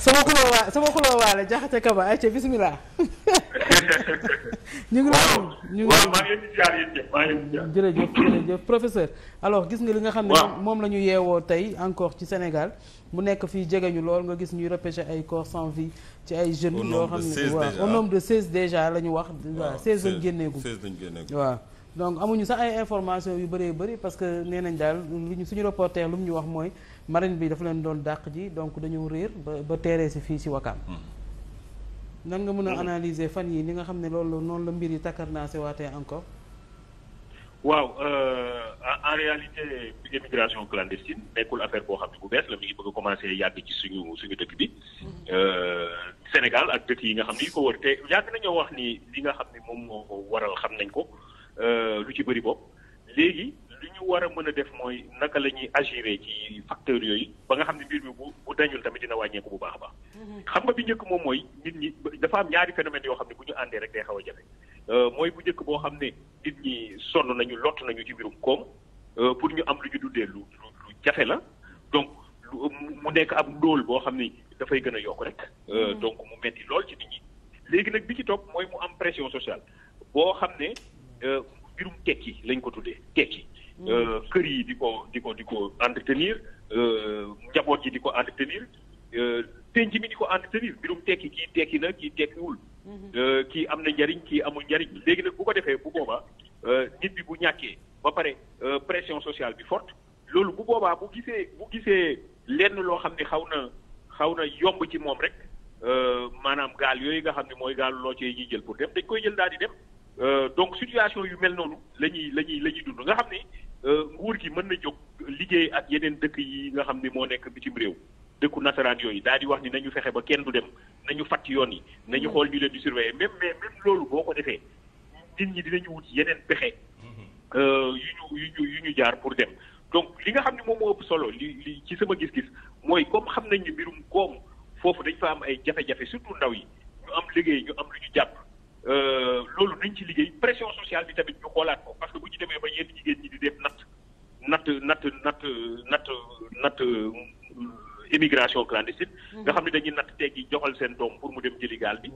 sama xuloo waa sama xuloo waa la jaxate kaba ay ca bismillah ñu ngi ñu ngi jërëjëf professeur alors gis nga li nga xam ne moom la ñu yeewoo tey encore ci Sénégal mu nekk fii ñu lool nga gis ñuy repêché ay corps sans vie ci ay jeune yoo xam ne de seize déjà la ñu wax waaw seize lañ génneegu waaw donc amuñu sax ay information yu bëree bëri parce que nee nañ daal lu ñu suñu reporter lu mu ñu wax mooy marine bi dafa leen doon dàq ji donc dañoo réer ba ba teeree si fii si Wakaam hmm. nan nga mën a analyser fan yi li nga xam ne loolu noonu la mbir yi takkar naa sewaatee encore waaw euh, en réalité immigration clandestine nekkul affaire boo xam ne bu bees la mi bëgg a yàgg ci suñu suñu dëkk bi hmm. euh, Sénégal ak dëkk yi nga xam ne yi ko wër te yàgg nañoo wax ni li nga xam ne moom moo waral xam nañ ko Euh, lu ci bëri bopp léegi li ñu war a mën a def mooy naka la ñuy agiré ci facteurs yooyu ba nga xam ne mbir mi bu bu dañul tamit dina wàññeeku bu baax a baax. Mhm. xam nga bi njëkk moom mooy nit ñi dafa am ñaari phénomènes yoo xam ne bu ñu àndee rek day xaw a jafe euh, mooy bu njëkk boo xam ne nit ñi sonn nañu lott nañu ci mbirum koom euh, pour ñu am lu ñu dundee lu lu jafe la donc mu nekk am ndóol boo xam ni dafay gën a yokk rek. Mhm. donc mu metti lool ci nit léegi nag bi ci topp mooy mu am pression sociale boo xam Euh, mbirum tekki lañ ko tuddee tekki. Mm. Euh, kër yi di ko di ko di ko entretenir euh, njaboot yi di ko entretenir te mi di ko entretenir mbirum tekki kii tekki na kii tekkiwul. Mm-hmm. ki am na njariñ kii amul njariñ léegi nag bu ko defee bu boobaa nit bi bu ñàkkee ba pare pression sociale bi fort loolu bu boobaa bu gisee bu gisee lenn loo xam ne xaw na xaw na yomb ci moom rek maanaam gaal yooyu nga xam ne mooy gaalu loo cee ñuy jël pour dem dañ koy jël daal di dem. Euh, donc situation yu mel noonu la ñuy la ñuy la ñuy dund nga xam ne euh, nguur gi mën na jóg liggéey ak yeneen dëkk yi nga xam ne moo nekk bitim réew dëkku nasaraan yooyu daal di wax ni nañu fexe ba kenn du dem nañu fàtt yoon yi nañu xool ñu leen di surveiller même mais même loolu boo ko defee nit ñi dinañu wut yeneen pexe euh, yu yu ñu jaar pour dem donc li nga xam ne moom moo ëpp solo li li ci sama gis-gis mooy comme xam nañ ni mbirum koom foofu dañ fa am ay jafe-jafe surtout ndaw yi ñu am liggéey ñu am lu ñu jàpp Euh, loolu nañ ci liggéey pression sociale bi tamit ñu xoolaat ko parce que bu ñu demee ba yenn jigéen ñi di def natt natt natt nat natt natt euh, immigration clandestine. Mm-hmm. nga xam ne dañuy natt teg yi joxal seen doom pour mu dem jëli gaal bi.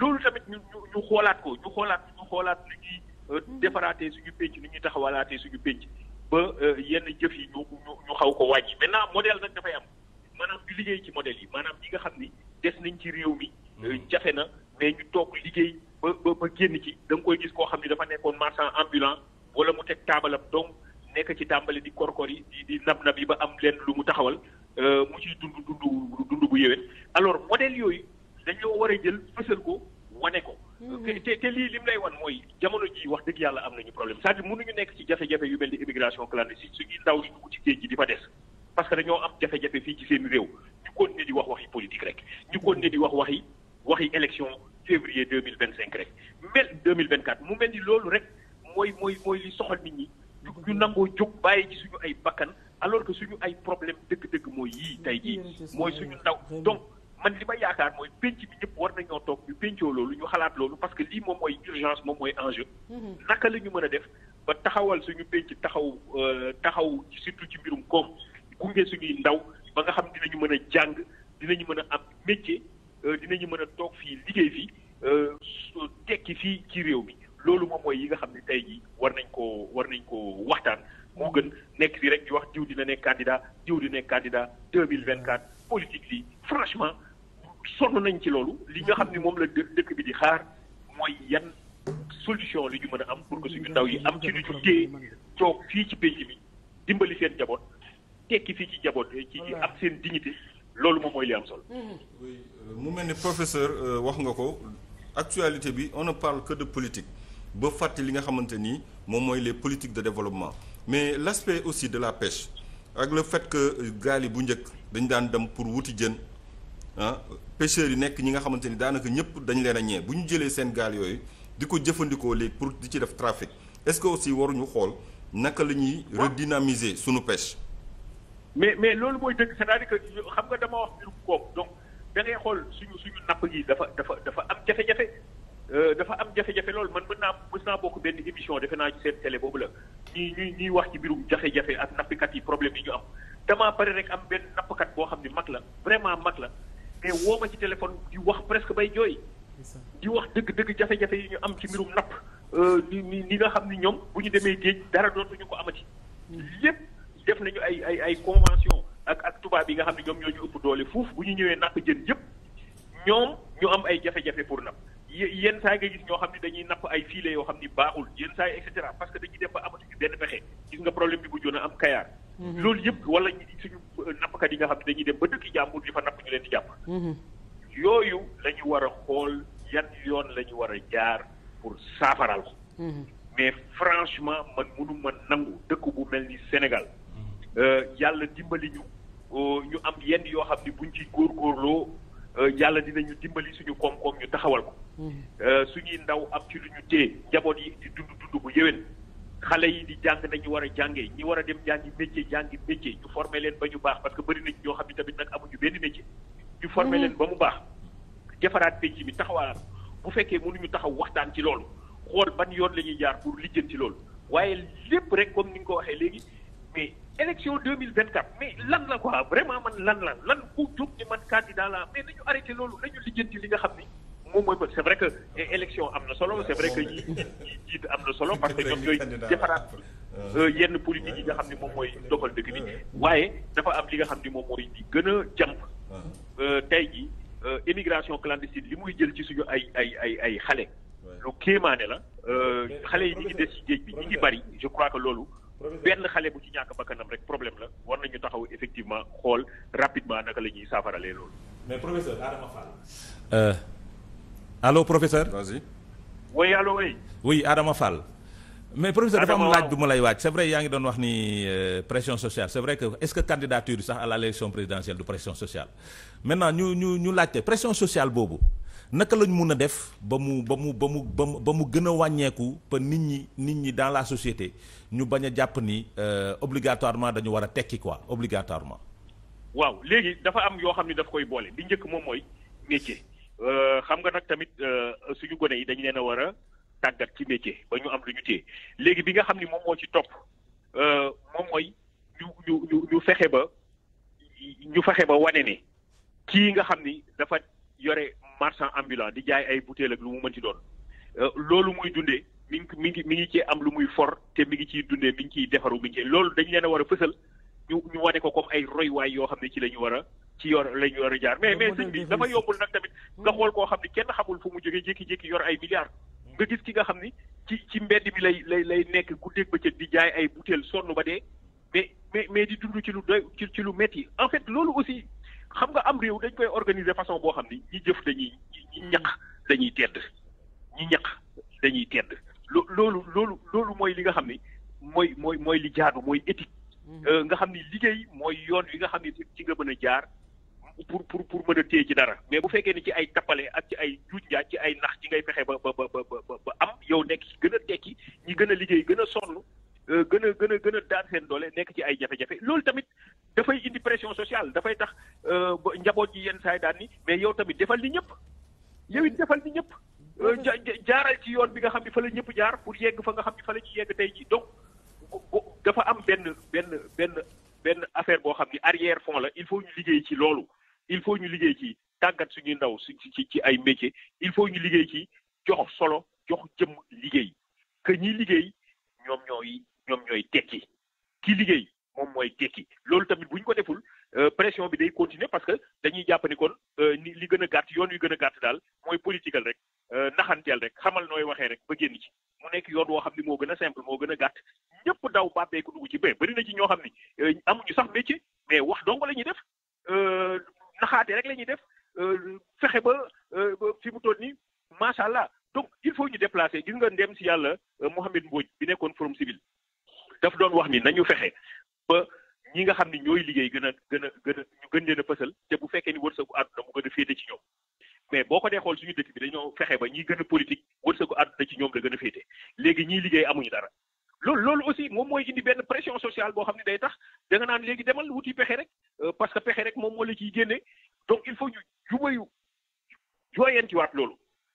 loolu tamit ñu ñu ñu xoolaat ko ñu xoolaat ñu xoolaat nu ñuy euh, mm-hmm. defaraatee suñu pénc nu ñuy taxawalaatee suñu pénc ba yenn jëf yi ñu ñu ñu xaw ko wàññi maintenant model nag dafay am maanaam di liggéey ci modèle yi maanaam ñi nga xam ni des nañ ci réew mi. génn ci da nga koy gis koo xam ni dafa nekkoon marchand ambulant wala mu teg taabalam donc nekk ci tàmbali di korkor yi di di nab nab yi ba am leen lu mu taxawal euh, mu ciy dund dund dund bu yéwén alors modèle yooyu dañoo war jël fësal ko wane ko. Mm-hmm. te lii lim lay wan mooy jamono ji wax dëgg yàlla am nañu problème c'est-à-dire nekk ci jafe-jafe yu mel ni immigration clandestine suñuy ndaw yi dugg ci géej gi di fa des. parce que dañoo am jafe-jafe fii ci seen di wax waxi politique rek ñu continuer di wax waxi waxi élection février cinq rek deux mille vingt mu mel ni loolu rek mooy mooy mooy li soxal nit ñi ñu nangoo jóg bàyyi ci suñu ay bakkan alors que suñu ay problème dëkk dëgg mooy yii tey jii mooy suñu ndaw donc man li ma yaakaar mooy penc bi ñëpp war nañoo toog ñu pencoo loolu ñu xalaat loolu parce que lii moom mooy urgence moom mooy enjeu mhm. naka la ñu mën a def ba taxawal suñu penc taxaw euh, taxaw surtout ci mbirum koom gunge suñuy ndaw ba nga xam dinañu mën a jàng dinañu mën a am métier euh, dinañu mën a toog fii liggéey fii tekki fii ci réew mi loolu moom mooy yi nga xam ne tey jii war nañ koo war nañ koo waxtaan moo gën nekk fi rek di wax diw dina nekk candidat diw dina nekk candidat deux mille vingt quatre politique bi franchement sonn nañ ci loolu li nga xam ne moom la dëkk bi di xaar mooy yan solution li ñu mën a am pour que suñu ndaw yi am ci lu ñu téye toog fii ci pénc mi dimbali seen jaboot tekki fii ci jaboot ci am seen dignité loolu moom mooy li am solo. Euh, mu mel ni professeur euh, wax nga ko actualité bi on ne parle que de politique ba fàtte li nga xamante ni moom mooy les politique de développement mais l' aussi de la pêche ak la fait que gaal yi bu njëkk dañ daan dem pour wuti jën ah pêcheurs yi nekk ñi nga xamante ni daanaka ñëpp dañ leen a ñee bu ñu jëlee seen gaal yooyu di ko jëfandikoo léegi pour di ci def trafic est ce que aussi waruñu xool naka la ñuy redynamiser suñu pêche mais mais loolu mooy dëgg cest à xam nga dama wax mbirum da ngay xool suñu suñu napp gi dafa dafa dafa am jafe-jafe euh, dafa am jafe-jafe loolu man mën naa mës naa bokk benn émission defe naa ci seen télé boobu la ñuy ñuy wax ci mbirum jafe-jafe ak nappkat yi problème yi ñu am damaa pare rek am benn nappkat boo xam ne mag la vraiment mag la mais woo ma ci téléphone di wax presque bay jooy di wax dëgg dëgg jafe-jafe yi ñu am ci mbirum napp euh, ni ni ni nga xam ni ñoom bu ñu demee géej dara ñu ko amati lépp mm-hmm. def nañu ay ay ay convention ak ak tubaab yi nga xam ne ñoom ñoo ñu ëpp doole fuuf bu ñu ñëwee napp jën yëpp ñoom ñu am ay jafe-jafe pour napp yenn saa nga gis ñoo xam ne dañuy napp ay filets yoo xam ni baaxul yenn saa et parce que dañuy dem ba amatuñu benn pexe gis nga problème bi bu a am kayaar. Mhm. loolu yëpp wala suñu euh, nappkat yi nga xam ne dañuy dem ba dëkk jàmbur di fa napp ñu leen jàpp. Mhm. yooyu la ñu war a xool yan yoon la ñu war a jaar pour saafaral ko. Mhm. mais franchement man mënu ma nangu dëkk bu mel ni Sénégal. Euh, yàlla dimbali ñu euh, ñu am yenn yoo xam ni buñ ci góor góorgóorloo euh, yàlla dinañu dimbali suñu koom-koom ñu taxawal ko. Mm-hmm. suñuy ndaw am ci lu ñu téye njaboot yi di dund dund bu yéwén. xale yi di jàng nañu war a jàngee ñi war a dem jàngi métier jàngi métier ñu former leen ba ñu baax parce que bari nañ ñoo xam ne tamit nag amuñu benn métier. ñu former mm-hmm. leen ba mu baax. defaraat pénc bi taxawaat bu fekkee mënuñu taxaw waxtaan ci loolu xool ban yoon la ñuy jaar pour lijjanti loolu waaye lépp rek comme ni nga ko waxee léegi élection deux mille vingt quatre mais lan la quoi vraiment man lan la lan ku jóg ni man candidat la mais nañu arrêté loolu nañu lijjanti li nga xam ni moom mooy c' est vrai que eh, élection am na solo c' vrai que ñi ñi jiit am na solo parce que ñoom ñooy defaraat euh, yenn politique yi nga xam ni moom mooy doxal dëkk bi waaye dafa am li nga xam ni moom mooy di gën a jàmp euh, tey ji immigration euh, clandestine li muy jël ci suñu ay ay ay ay xale lu kéemaane la xale yi ñi ngi des ñi ngi bari je crois que loolu benn xale bu ci ñàkk bakkanam rek problème la war nañu taxaw effectivement xool rapidement naka la ñuy saafaralee loolu. mais professeur Adama Fall. Euh, allo professeur. vas-y. oui allo oui. oui Adama Fall. mais professeur dafa am laaj bu lay waaj c'est vrai yaa ngi doon wax ni euh, pression sociale c'est vrai que est-ce que candidature sax à l'élection présidentielle du pression sociale maintenant ñu ñu ñu laajte pression sociale boobu. naka lañ mun a def ba mu ba mu ba mu ba mu ba mu gën a wàññeeku ba nit ñi nit ñi dans la société ñu bañ a jàpp ni euh, obligatoirement dañu war a tekki quoi obligatoirement. waaw léegi dafa am yoo xam ni daf koy boole bi njëkk moom mooy métier euh, xam nga nag tamit euh, suñu gone yi dañu leen a war a tàggat ci métier ba ñu am lu ñu téye léegi bi nga xam ni moom moo ci topp moom mooy ñu ñu ñu ñu fexe ba ñu fexe ba wane ne kii nga xam ni dafa yore. marchand ambulant di jaay ay butéel ak lu mu mën ci doon euh, loolu muy dundee mi ngi mi ngi mi ci am lu muy for te mi ngi ciy dundee mi ngi ciy defaru mi ngi loolu dañ leen a war a fësal ñu wane ko comme ay roywaay yoo xam ne ci la ñu war a ci yor la ñu war a jaar mais mais sëñ bi dafa yombul nag tamit nga hmm. xool koo xam ne kenn xamul fu mu jógee jékki-jékki yor ay milliards hmm. nga gis ki nga xam ni ci ci mbedd mi lay lay lay nekk guddeeg bëccëg di jaay ay butéel sonn ba dee mais mais di dund ci lu doy ci ci lu metti en fait loolu aussi xam nga am réew dañ koy organiser façon boo xam ni ñi jëf dañuy ñi hmm. dañuy tedd ñi ñaq dañuy tedd lo loolu loolu loolu mooy li nga xam ni mooy mooy mooy li jaadu mooy éthique. Hmm. Euh, nga xam ni liggéey mooy yoon wi nga xam ni ci nga mën a jaar pour pour pour mën a téye ci dara mais bu fekkee ni ci ay tappale ak ci ay juuj njaaj ci ay nax ci ngay fexe ba ba ba ba am yow nekk ci gën a tekki ñi gën a liggéey gën a sonn. Euh, gën a gën a gën a daan seen doole nekk ci ay jafe-jafe loolu tamit dafay indi pression sociale dafay tax euh, njaboot yi yenn saay daan ni mais yow tamit defal ni ñëpp yow it defal ni ñëpp euh, jaaral ci yoon bi nga xam ni fa la ñëpp jaar pour yegg fa nga xam ni fa la ñuy yegg tey ji donc dafa am benn benn benn benn affaire boo xam ni arrière fond la il faut ñu liggéey ci loolu il faut ñu liggéey ci tàggat suñuy ndaw ci ci ay métier il faut ñu liggéey ci jox solo jox jëm liggéey que liggéey ñoom ñoom ñooy tekki ki liggéey moom mooy tekki loolu tamit bu ñu ko deful euh, pression bi day continuer parce que dañuy jàpp ni kon euh, ni li gën a gàtt yoon yu gën a gàtt daal mooy politikal rek euh, naxanteel rek xamal nooy waxee rek ba génn ci mu nekk yoon woo xam ni moo gën a simple moo gën a gàtt ñëpp daw bàbbee ko ci ba bëri ci ñoo xam ni amuñu sax métier mais wax dong la ñuy def naxaate rek la ñuy def fexe ba fi mu toll ni macha allah donc il faut ñu déplacer gis nga ndem si yàlla Mouhamed Mbodj doon wax ni nañu fexe ba ñi nga xam ni ñooy liggéey gën a gën a gën a te bu fekkee ni wërsëgu àdduna mu gën a féete ci ñoom mais boo ko dee xool suñu dëkk bi dañoo fexe ba ñi gën a politique wërsëgu àdduna ci ñoom da gën a féete léegi ñiy liggéey amuñu dara loolu loolu aussi moom mooy indi benn pression sociale boo xam ne day tax danga naan léegi demal wuti pexe rek euh, parce que pexe rek moom moo la ciy génne donc il faut ñu jubayu jooyantiwaat loolu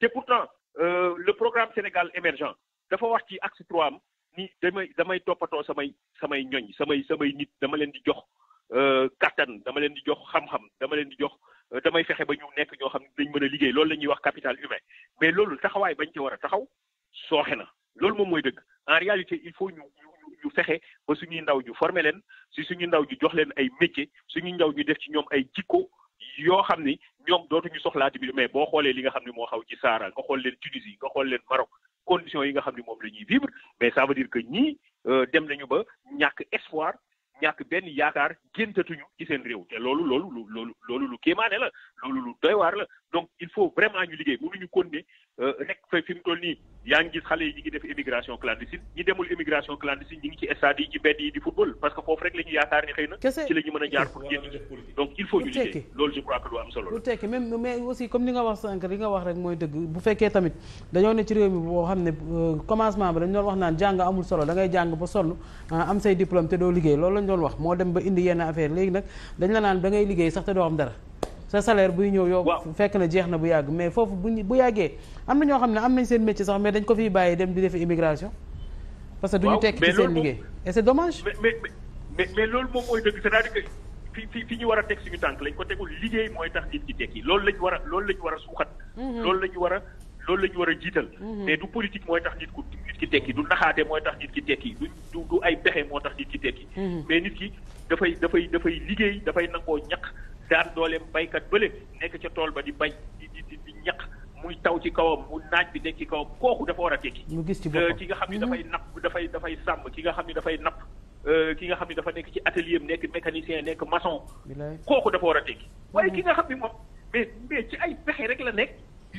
te pourtant euh, le programme Sénégal émergent dafa ci axe am ni damay damay toppatoo samay samay ñoñ samay samay nit dama leen di jox euh, kattan dama leen di jox xam-xam dama leen di jox euh, damay fexe ba ñu nekk ñoo xam ne dañ mën a liggéey loolu la ñuy wax capital humain mais loolu taxawaay bañ ci war a taxaw sooxe na loolu moom mooy dëgg en réalité il faut ñu ñu fexe ba suñuy ndaw ñu former leen si suñu ndaw ñu jox leen ay su suñu ndaw ñu def ci ñoom ay jikko yoo xam ni ñoom dootuñu soxlaati bi mais boo xoolee li nga xam ne moo xaw ci Sahara xool leen Tunisie nga leen Maroc conditions yi nga xam ne moom la ñuy vivre mais ça veut dire que ñii euh, dem nañu ba ñàkk espoir ñàkk benn yaakaar géntatuñu ci seen réew te loolu loolu lu loolu loolu lu kéemaane la loolu lu doy waar la donc il faut vraiment ñu liggéey mënuñu continuer Euh, nekk fa fi mu toll nii yaa ngi xale yi ñu ngi def immigration clandestine ñi demul immigration clandestine ñi ngi ci stade yi ci mbedd yi di football parce que foofu rek la ñu ni xëy na. ci la mën a jaar pour génn donc il faut ñu liggéey loolu je crois que lu am solo lu tekki même mais aussi comme ni nga wax sànq li nga wax rek mooy dëgg bu fekkee tamit dañoo xam ne euh, commencement bi dañu doon wax naan jàng amul solo da ngay jàng ba sonn ah, am say diplôme te doo liggéey loolu lañ doon wax moo dem ba indi yenn affaire léegi nag dañ la naan da ngay liggéey sax te doo am dara sa salaire buy ñëw yow fekk na jeex na bu yàgg mais foofu bu bu yàggee am na ñoo xam ne am nañ seen métier sax mais dañ ko fiy bàyyi dem di def immigration parce que duñu tekk ci seen liggéey et c'est dommage mais mais loolu moom mooy dëgg c'est-à-dire que fi fi fi ñu war a teg suñu tànk lañ ko tegul liggéey mooy tax nit ci tekki loolu lañ war a loolu lañ war a suuxat mhm. loolu lañu war a loolu la ñu war a jiital mhm. mais du politique mooy tax nit ku nit ki tekki du naxaate mooy tax nit ki tekki du du du ay pexe moo tax nit ki tekki mhm. mais nit ki dafay dafay dafay liggéey dafay nangoo ñaq daan dooleem baykat bële nekk ca tool ba di bay di di di ñaq muy taw ci kawam mu naaj bi nekk ci kawam kooku dafa war a tekki. mu gis ci euh, boppam ki nga xam ni dafay mm-hmm. napp dafay dafay sàmm ki nga xam ni dafay napp euh, ki nga xam ni dafa nekk ci atelier am nekk mécanicien nekk maçon. kooku dafa war a tekki. Mm-hmm. waaye ki nga xam ni moom mais mais ci ay pexe rek la nekk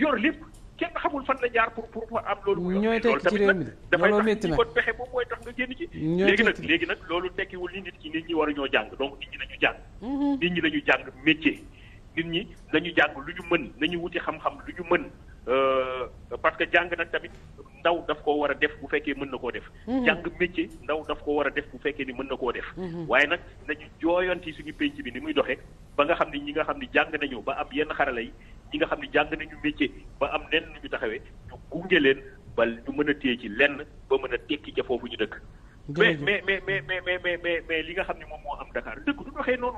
yor lépp. kenn xamul fan la jaar pour pour am loolu. ñooy tekki ci réew mi loolu métti pexe moom mooy tax nga ci. léegi nag loolu tekkiwul ni nit ki nit ñi waruñoo jàng donc nit ñi nañu jàng. nit ñi dañu jàng métier nit ñi dañu jàng lu ñu mën nañu wuti xam-xam lu ñu mën euh, parce que jàng nag tamit ndaw daf ko war a def bu fekkee mën na koo def mmh. jàng métier ndaw daf ko war def bu fekkee ni mën na koo def mmh. waaye nag nañu jooyanti suñu penc bi ni muy doxee ba nga xam ne ñi nga xam ne jàng nañu ba am yenn xarala ñi nga xam ne jàng nañu métier ba am nenn ñu taxawee ñu gunge leen ba ñu mën a téye ci lenn ba mën a tekki ca foofu ñu dëkk mais mais mais mais mais li nga xam ne moom moo am Dakar dëkk du doxee noonu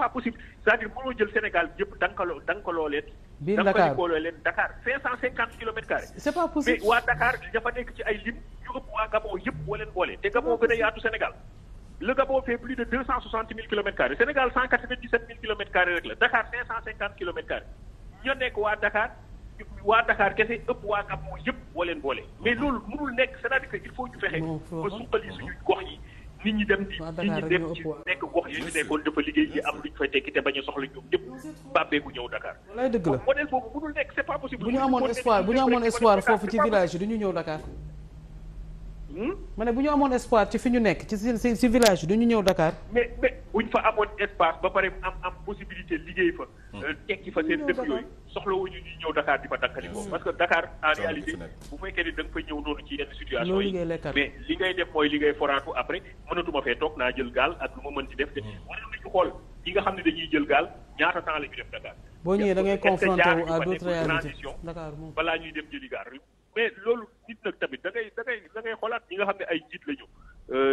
pas possible c'est-à-dire mënoo jël Sénégal yëpp dankaloo dankaloo leen. biir Dakar dankaloo leen Dakar 550 kilomètres carrés. c'est pas possible mais waa Dakar dafa nekk ci ay lim ñu ëpp waa Gabon yëpp boo boole te Gabon gën a yaatu Sénégal. le Gabon fait plus de 260 000 kilomètres carrés Sénégal kilomètres carrés rek la Dakar kilomètres carrés ñoo nekk waa Dakar. waa Dakar kese ëpp waa Gabon yëpp boo boole mais loolu mënul nekk c'est-à-dire il faut ñu fexe ba suqali nit ñi dem di nit ñi dem ci nekk gox yi ñu nekkoon dafa liggéey yi am luñ fay tekki te bañ a soxla ñoom ñëpp bàbbee ñëw Dakar. walaay dëgg la bu ñu amoon espoir bu ñu amoon espoir foofu ci village du ñu ñëw Dakar. Hmm? ma ne bu ñu amoon espoir ci fi ñu nekk ci si si village du ñu ñëw Dakar. mais mais buñ fa amoon espace ba pare am am possibilité liggéey fa. Hmm. Euh, tekki fa seen dëkk yooyu soxlawuñu ñuy ñëw Dakar di fa dakkalikoo. Hmm. bu ma mën ci def. te hmm. mënoon nañu xool ñi nga xam ne dañuy jël gaal ñaata temps la def Dakar. boo ñëwee da ngay confronté wu à d'autres réalités Dakar balaa ñuy dem jëli gaal mais loolu nit nag tamit da dafay xoolaat ñi nga xam ne ay njiit lañu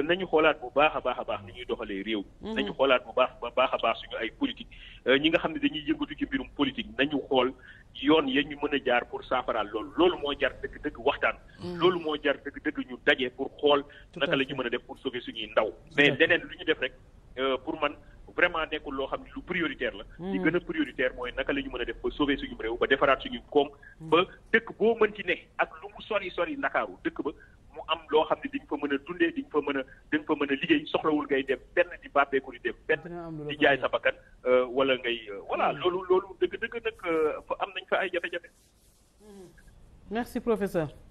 nañu xoolaat bu baax a a baax ni ñuy doxalee réew nañu xoolaat bu baax a baax a baax mm-hmm. suñu ay politique euh, nga xam ne dañuy yëngatu ci mbirum politique nañu xool yoon ya ñu mën a jaar pour saafaraal loolu loolu moo jar dëgg-dëgg mm-hmm. loolu moo jar dëgg ñu daje pour xool naka la ñu mën a def pour sauver suñuy ndaw mais leneen lu ñu def rek euh, pour man vraiment nekkul loo xam ne lu prioritaire la mm-hmm. li gën a prioritaire mooy naka la ñu mën a def ba sauver suñu réew ba defaraat suñu koom ba dëkk boo mën ci ne ak lu mu sori sori ndakaaru dëkk ba mu am loo xam ne di nga fa mën a dundee di nga fa mën a di nga fa mën a liggéey soxlawul ngay dem benn di bàbbeeku di dem benn di jaay sa bakkan euh, wala ngay euh, voilà hmm. loolu loolu dëgg dëgg nag euh, am nañ fa ay jafe-jafe merci professeur